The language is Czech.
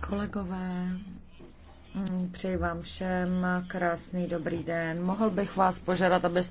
Kolegové, přeji vám všem krásný dobrý den. Mohl bych vás požádat, abyste